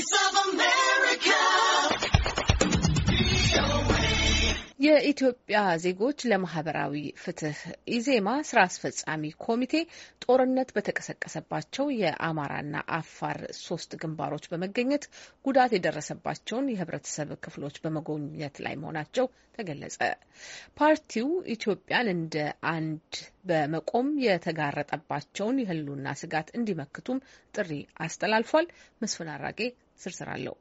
Voice of America. የኢትዮጵያ ዜጎች ለማህበራዊ ፍትህ ኢዜማ ስራ አስፈጻሚ ኮሚቴ ጦርነት በተቀሰቀሰባቸው የአማራና አፋር ሶስት ግንባሮች በመገኘት ጉዳት የደረሰባቸውን የህብረተሰብ ክፍሎች በመጎብኘት ላይ መሆናቸው ተገለጸ። ፓርቲው ኢትዮጵያን እንደ አንድ በመቆም የተጋረጠባቸውን የህልውና ስጋት እንዲመክቱም ጥሪ አስተላልፏል። መስፍን አራጌ ስርስር አለው።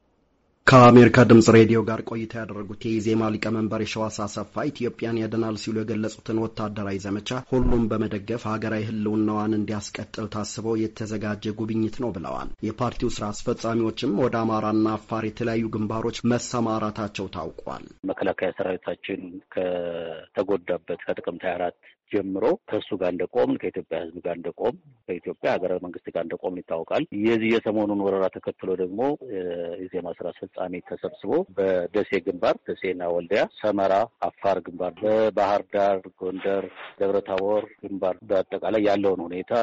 ከአሜሪካ ድምጽ ሬዲዮ ጋር ቆይታ ያደረጉት የኢዜማ ሊቀመንበር የሸዋስ አሰፋ ኢትዮጵያን ያድናል ሲሉ የገለጹትን ወታደራዊ ዘመቻ ሁሉም በመደገፍ ሀገራዊ ሕልውናዋን እንዲያስቀጥል ታስበው የተዘጋጀ ጉብኝት ነው ብለዋል። የፓርቲው ስራ አስፈጻሚዎችም ወደ አማራና አፋር የተለያዩ ግንባሮች መሰማራታቸው ታውቋል። መከላከያ ሰራዊታችን ከተጎዳበት ከጥቅምት ሀያ አራት ጀምሮ ከእሱ ጋር እንደቆም ከኢትዮጵያ ህዝብ ጋር እንደቆም ከኢትዮጵያ ሀገራዊ መንግስት ጋር እንደቆም ይታወቃል። የዚህ የሰሞኑን ወረራ ተከትሎ ደግሞ የዜማ ስራ ፍጻሜ ተሰብስቦ በደሴ ግንባር ደሴና ወልዲያ፣ ሰመራ አፋር ግንባር፣ በባህር ዳር፣ ጎንደር፣ ደብረታቦር ግንባር በአጠቃላይ ያለውን ሁኔታ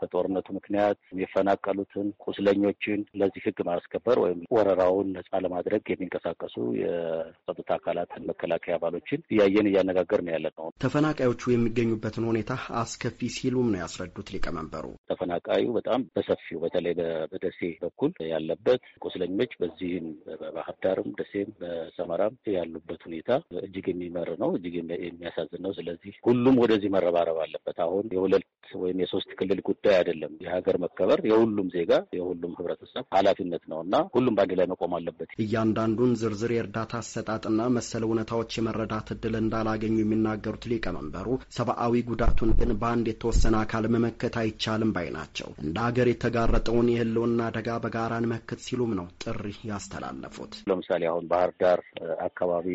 በጦርነቱ ምክንያት የሚፈናቀሉትን ቁስለኞችን ለዚህ ህግ ማስከበር ወይም ወረራውን ነጻ ለማድረግ የሚንቀሳቀሱ የጸጥታ አካላትን መከላከያ አባሎችን እያየን እያነጋገርን ያለ ነው። ተፈናቃዮቹ የሚገኙበትን ሁኔታ አስከፊ ሲሉም ነው ያስረዱት ሊቀመንበሩ። ተፈናቃዩ በጣም በሰፊው በተለይ በደሴ በኩል ያለበት ቁስለኞች በዚህም በባህር ዳርም፣ ደሴም፣ በሰመራም ያሉበት ሁኔታ እጅግ የሚመር ነው፣ እጅግ የሚያሳዝን ነው። ስለዚህ ሁሉም ወደዚህ መረባረብ አለበት። አሁን የሁለት ወይም የሶስት ክልል ጉዳይ አይደለም። የሀገር መከበር የሁሉም ዜጋ የሁሉም ህብረተሰብ ኃላፊነት ነው እና ሁሉም በአንድ ላይ መቆም አለበት። እያንዳንዱን ዝርዝር የእርዳታ አሰጣጥና መሰል እውነታዎች የመረዳት እድል እንዳላገኙ የሚናገሩት ሊቀመንበሩ ሰብአዊ ጉዳቱን ግን በአንድ የተወሰነ አካል መመከት አይቻልም ባይ ናቸው። እንደ ሀገር የተጋረጠውን የህልውና አደጋ በጋራ መክት ሲሉም ነው ጥሪ ያስተላል። ያሳለፉት። ለምሳሌ አሁን ባህር ዳር አካባቢ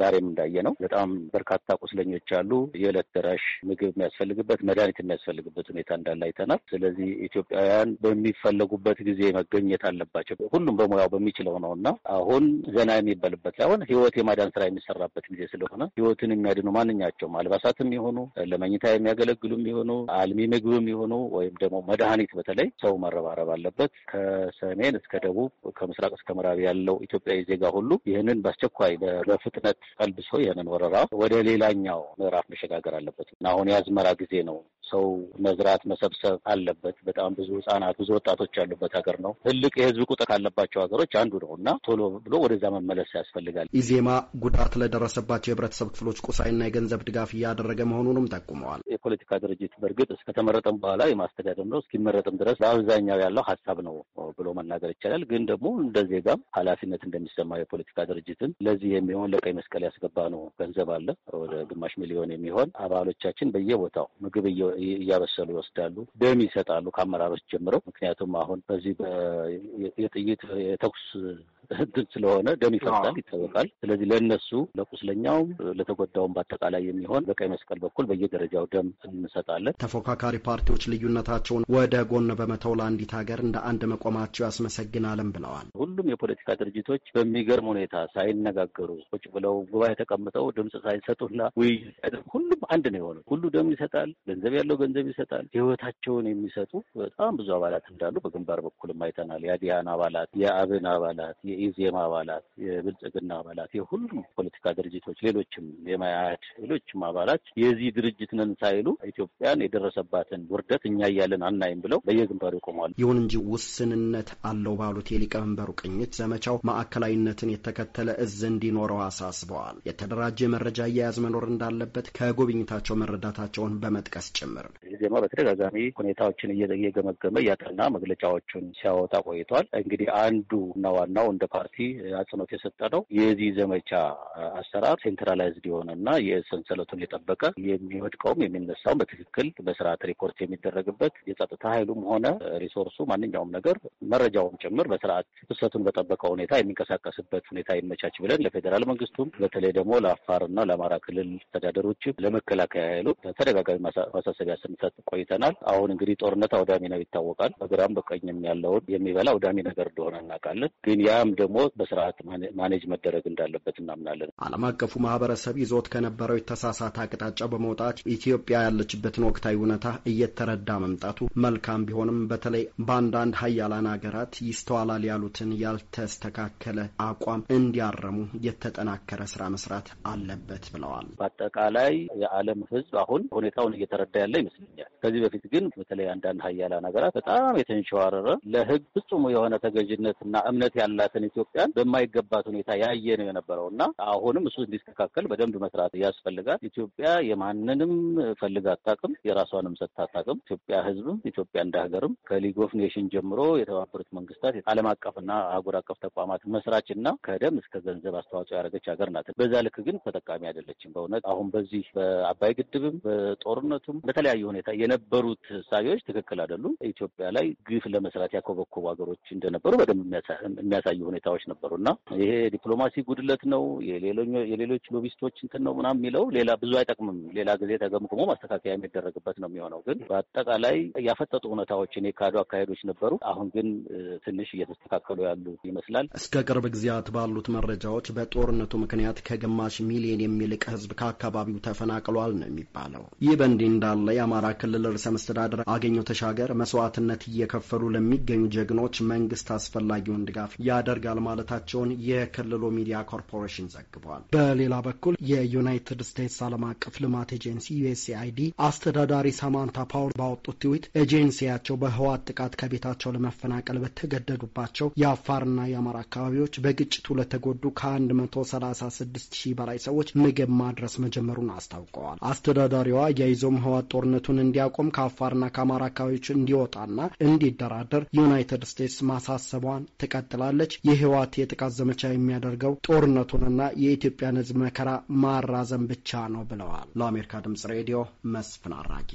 ዛሬም እንዳየ ነው በጣም በርካታ ቁስለኞች አሉ። የዕለት ደራሽ ምግብ የሚያስፈልግበት መድኃኒት የሚያስፈልግበት ሁኔታ እንዳለ አይተናል። ስለዚህ ኢትዮጵያውያን በሚፈለጉበት ጊዜ መገኘት አለባቸው። ሁሉም በሙያው በሚችለው ነው እና አሁን ዘና የሚበልበት ሳይሆን ህይወት የማዳን ስራ የሚሰራበት ጊዜ ስለሆነ ህይወትን የሚያድኑ ማንኛቸውም አልባሳትም የሆኑ ለመኝታ የሚያገለግሉም የሆኑ አልሚ ምግብም የሆኑ ወይም ደግሞ መድኃኒት በተለይ ሰው መረባረብ አለበት። ከሰሜን እስከ ደቡብ ከምስራቅ እስከ ምዕራብ ያለ ያለው ኢትዮጵያዊ ዜጋ ሁሉ ይህንን በአስቸኳይ በፍጥነት ቀልብሶ ይህንን ወረራ ወደ ሌላኛው ምዕራፍ መሸጋገር አለበት እና አሁን የአዝመራ ጊዜ ነው። ሰው መዝራት መሰብሰብ አለበት። በጣም ብዙ ህጻናት፣ ብዙ ወጣቶች ያሉበት ሀገር ነው። ትልቅ የህዝብ ቁጥር ካለባቸው ሀገሮች አንዱ ነው እና ቶሎ ብሎ ወደዛ መመለስ ያስፈልጋል። ኢዜማ ጉዳት ለደረሰባቸው የህብረተሰብ ክፍሎች ቁሳይና የገንዘብ ድጋፍ እያደረገ መሆኑንም ጠቁመዋል። የፖለቲካ ድርጅት በእርግጥ እስከተመረጠም በኋላ የማስተዳደር ነው፣ እስኪመረጥም ድረስ በአብዛኛው ያለው ሀሳብ ነው ብሎ መናገር ይቻላል። ግን ደግሞ እንደ ዜጋም ኃላፊነት እንደሚሰማው የፖለቲካ ድርጅትን ለዚህ የሚሆን ለቀይ መስቀል ያስገባ ነው ገንዘብ አለ ወደ ግማሽ ሚሊዮን የሚሆን አባሎቻችን በየቦታው ምግብ እያበሰሉ ይወስዳሉ፣ ደም ይሰጣሉ ከአመራሮች ጀምረው። ምክንያቱም አሁን በዚህ የጥይት የተኩስ ህግም ስለሆነ ደም ይፈሳል፣ ይታወቃል። ስለዚህ ለእነሱ ለቁስለኛውም፣ ለተጎዳውም በአጠቃላይ የሚሆን በቀይ መስቀል በኩል በየደረጃው ደም እንሰጣለን። ተፎካካሪ ፓርቲዎች ልዩነታቸውን ወደ ጎን በመተው ለአንዲት ሀገር እንደ አንድ መቆማቸው ያስመሰግናልም ብለዋል። ሁሉም የፖለቲካ ድርጅቶች በሚገርም ሁኔታ ሳይነጋገሩ ቁጭ ብለው ጉባኤ ተቀምጠው ድምፅ ሳይሰጡና ውይይት ሁሉም አንድ ነው የሆኑት። ሁሉ ደም ይሰጣል፣ ገንዘብ ያለው ገንዘብ ይሰጣል። ህይወታቸውን የሚሰጡ በጣም ብዙ አባላት እንዳሉ በግንባር በኩልም አይተናል። የአዲያን አባላት፣ የአብን አባላት፣ የኢዜማ አባላት፣ የብልጽግና አባላት፣ የሁሉም ፖለቲካ ድርጅቶች፣ ሌሎችም የማያድ ሌሎችም አባላት የዚህ ድርጅት ነን ሳይሉ ኢትዮጵያን የደረሰባትን ውርደት እኛ እያለን አናይም ብለው በየግንባሩ ይቆማሉ። ይሁን እንጂ ውስንነት አለው ባሉት የሊቀመንበሩ ቅኝት ዘመቻው ማዕከላዊነትን የተከተለ እዝ እንዲኖረው አሳስበዋል። የተደራጀ መረጃ አያያዝ መኖር እንዳለበት ከጉብኝታቸው መረዳታቸውን በመጥቀስ ጭምር ኢዜማ በተደጋጋሚ ሁኔታዎችን እየገመገመ እያጠና መግለጫዎቹን ሲያወጣ ቆይቷል። እንግዲህ እና ዋናው እንደ ፓርቲ አጽንኦት የሰጠ ነው የዚህ ዘመቻ አሰራር ሴንትራላይዝድ የሆነና የሰንሰለቱን የጠበቀ የሚወድቀውም የሚነሳውም በትክክል በስርዓት ሪፖርት የሚደረግበት የጸጥታ ኃይሉም ሆነ ሪሶርሱ ማንኛውም ነገር መረጃውም ጭምር በስርዓት ፍሰቱን በጠበቀ ሁኔታ የሚንቀሳቀስበት ሁኔታ ይመቻች ብለን ለፌዴራል መንግስቱም በተለይ ደግሞ ለአፋርና ለአማራ ክልል አስተዳደሮችም ለመከላከያ ኃይሉ ተደጋጋሚ ማሳሰቢያ ስንሰ ስንሰጥ ቆይተናል። አሁን እንግዲህ ጦርነት አውዳሚ ነው ይታወቃል። በግራም በቀኝም ያለውን የሚበላ አውዳሚ ነገር እንደሆነ እናውቃለን። ግን ያም ደግሞ በስርዓት ማኔጅ መደረግ እንዳለበት እናምናለን። ዓለም አቀፉ ማህበረሰብ ይዞት ከነበረው የተሳሳተ አቅጣጫ በመውጣት ኢትዮጵያ ያለችበትን ወቅታዊ እውነታ እየተረዳ መምጣቱ መልካም ቢሆንም በተለይ በአንዳንድ ሀያላን ሀገራት ይስተዋላል ያሉትን ያልተስተካከለ አቋም እንዲያረሙ የተጠናከረ ስራ መስራት አለበት ብለዋል። በአጠቃላይ የዓለም ሕዝብ አሁን ሁኔታውን እየተረዳ ያለ ይመስለኛል። ይመስለኛል። ከዚህ በፊት ግን በተለይ አንዳንድ ሀያላ ነገራት በጣም የተንሸዋረረ ለህግ ፍጹሙ የሆነ ተገዥነትና እምነት ያላትን ኢትዮጵያን በማይገባት ሁኔታ ያየ ነው የነበረው እና አሁንም እሱ እንዲስተካከል በደንብ መስራት ያስፈልጋል። ኢትዮጵያ የማንንም ፈልግ አታውቅም፣ የራሷንም ሰጥታ አታውቅም። ኢትዮጵያ ህዝብም ኢትዮጵያ እንደ ሀገርም ከሊግ ኦፍ ኔሽን ጀምሮ የተባበሩት መንግስታት ዓለም አቀፍና አህጉር አቀፍ ተቋማት መስራች እና ከደም እስከ ገንዘብ አስተዋጽኦ ያደረገች ሀገር ናት። በዛ ልክ ግን ተጠቃሚ አይደለችም። በእውነት አሁን በዚህ በአባይ ግድብም በጦርነቱም በተለያዩ ሁኔታ የነበሩት እሳቤዎች ትክክል አይደሉም። ኢትዮጵያ ላይ ግፍ ለመስራት ያኮበኮቡ ሀገሮች እንደነበሩ በደንብ የሚያሳዩ ሁኔታዎች ነበሩ እና ይሄ ዲፕሎማሲ ጉድለት ነው የሌሎች ሎቢስቶች እንትን ነው ምናምን የሚለው ሌላ ብዙ አይጠቅምም። ሌላ ጊዜ ተገምግሞ ማስተካከያ የሚደረግበት ነው የሚሆነው። ግን በአጠቃላይ ያፈጠጡ ሁኔታዎችን የካዱ አካሄዶች ነበሩ። አሁን ግን ትንሽ እየተስተካከሉ ያሉ ይመስላል። እስከ ቅርብ ጊዜያት ባሉት መረጃዎች በጦርነቱ ምክንያት ከግማሽ ሚሊዮን የሚልቅ ህዝብ ከአካባቢው ተፈናቅሏል ነው የሚባለው። ይህ በእንዲህ እንዳለ የአማራ ክልል ርዕሰ መስተዳደር አገኘው ተሻገር መስዋዕትነት እየከፈሉ ለሚገኙ ጀግኖች መንግስት አስፈላጊውን ድጋፍ ያደርጋል ማለታቸውን የክልሉ ሚዲያ ኮርፖሬሽን ዘግቧል። በሌላ በኩል የዩናይትድ ስቴትስ ዓለም አቀፍ ልማት ኤጀንሲ ዩኤስኤአይዲ አስተዳዳሪ ሳማንታ ፓወር ባወጡት ትዊት ኤጀንሲያቸው በህዋት ጥቃት ከቤታቸው ለመፈናቀል በተገደዱባቸው የአፋርና የአማራ አካባቢዎች በግጭቱ ለተጎዱ ከ136 ሺህ በላይ ሰዎች ምግብ ማድረስ መጀመሩን አስታውቀዋል። አስተዳዳሪዋ አያይዞም ህዋት ጦርነቱን እንዲያቆም ከአፋርና ከአማራ አካባቢዎች እንዲወጣና እንዲደራደር ዩናይትድ ስቴትስ ማሳሰቧን ትቀጥላለች። የህወሓት የጥቃት ዘመቻ የሚያደርገው ጦርነቱንና የኢትዮጵያን ህዝብ መከራ ማራዘም ብቻ ነው ብለዋል። ለአሜሪካ ድምጽ ሬዲዮ መስፍን አራጊ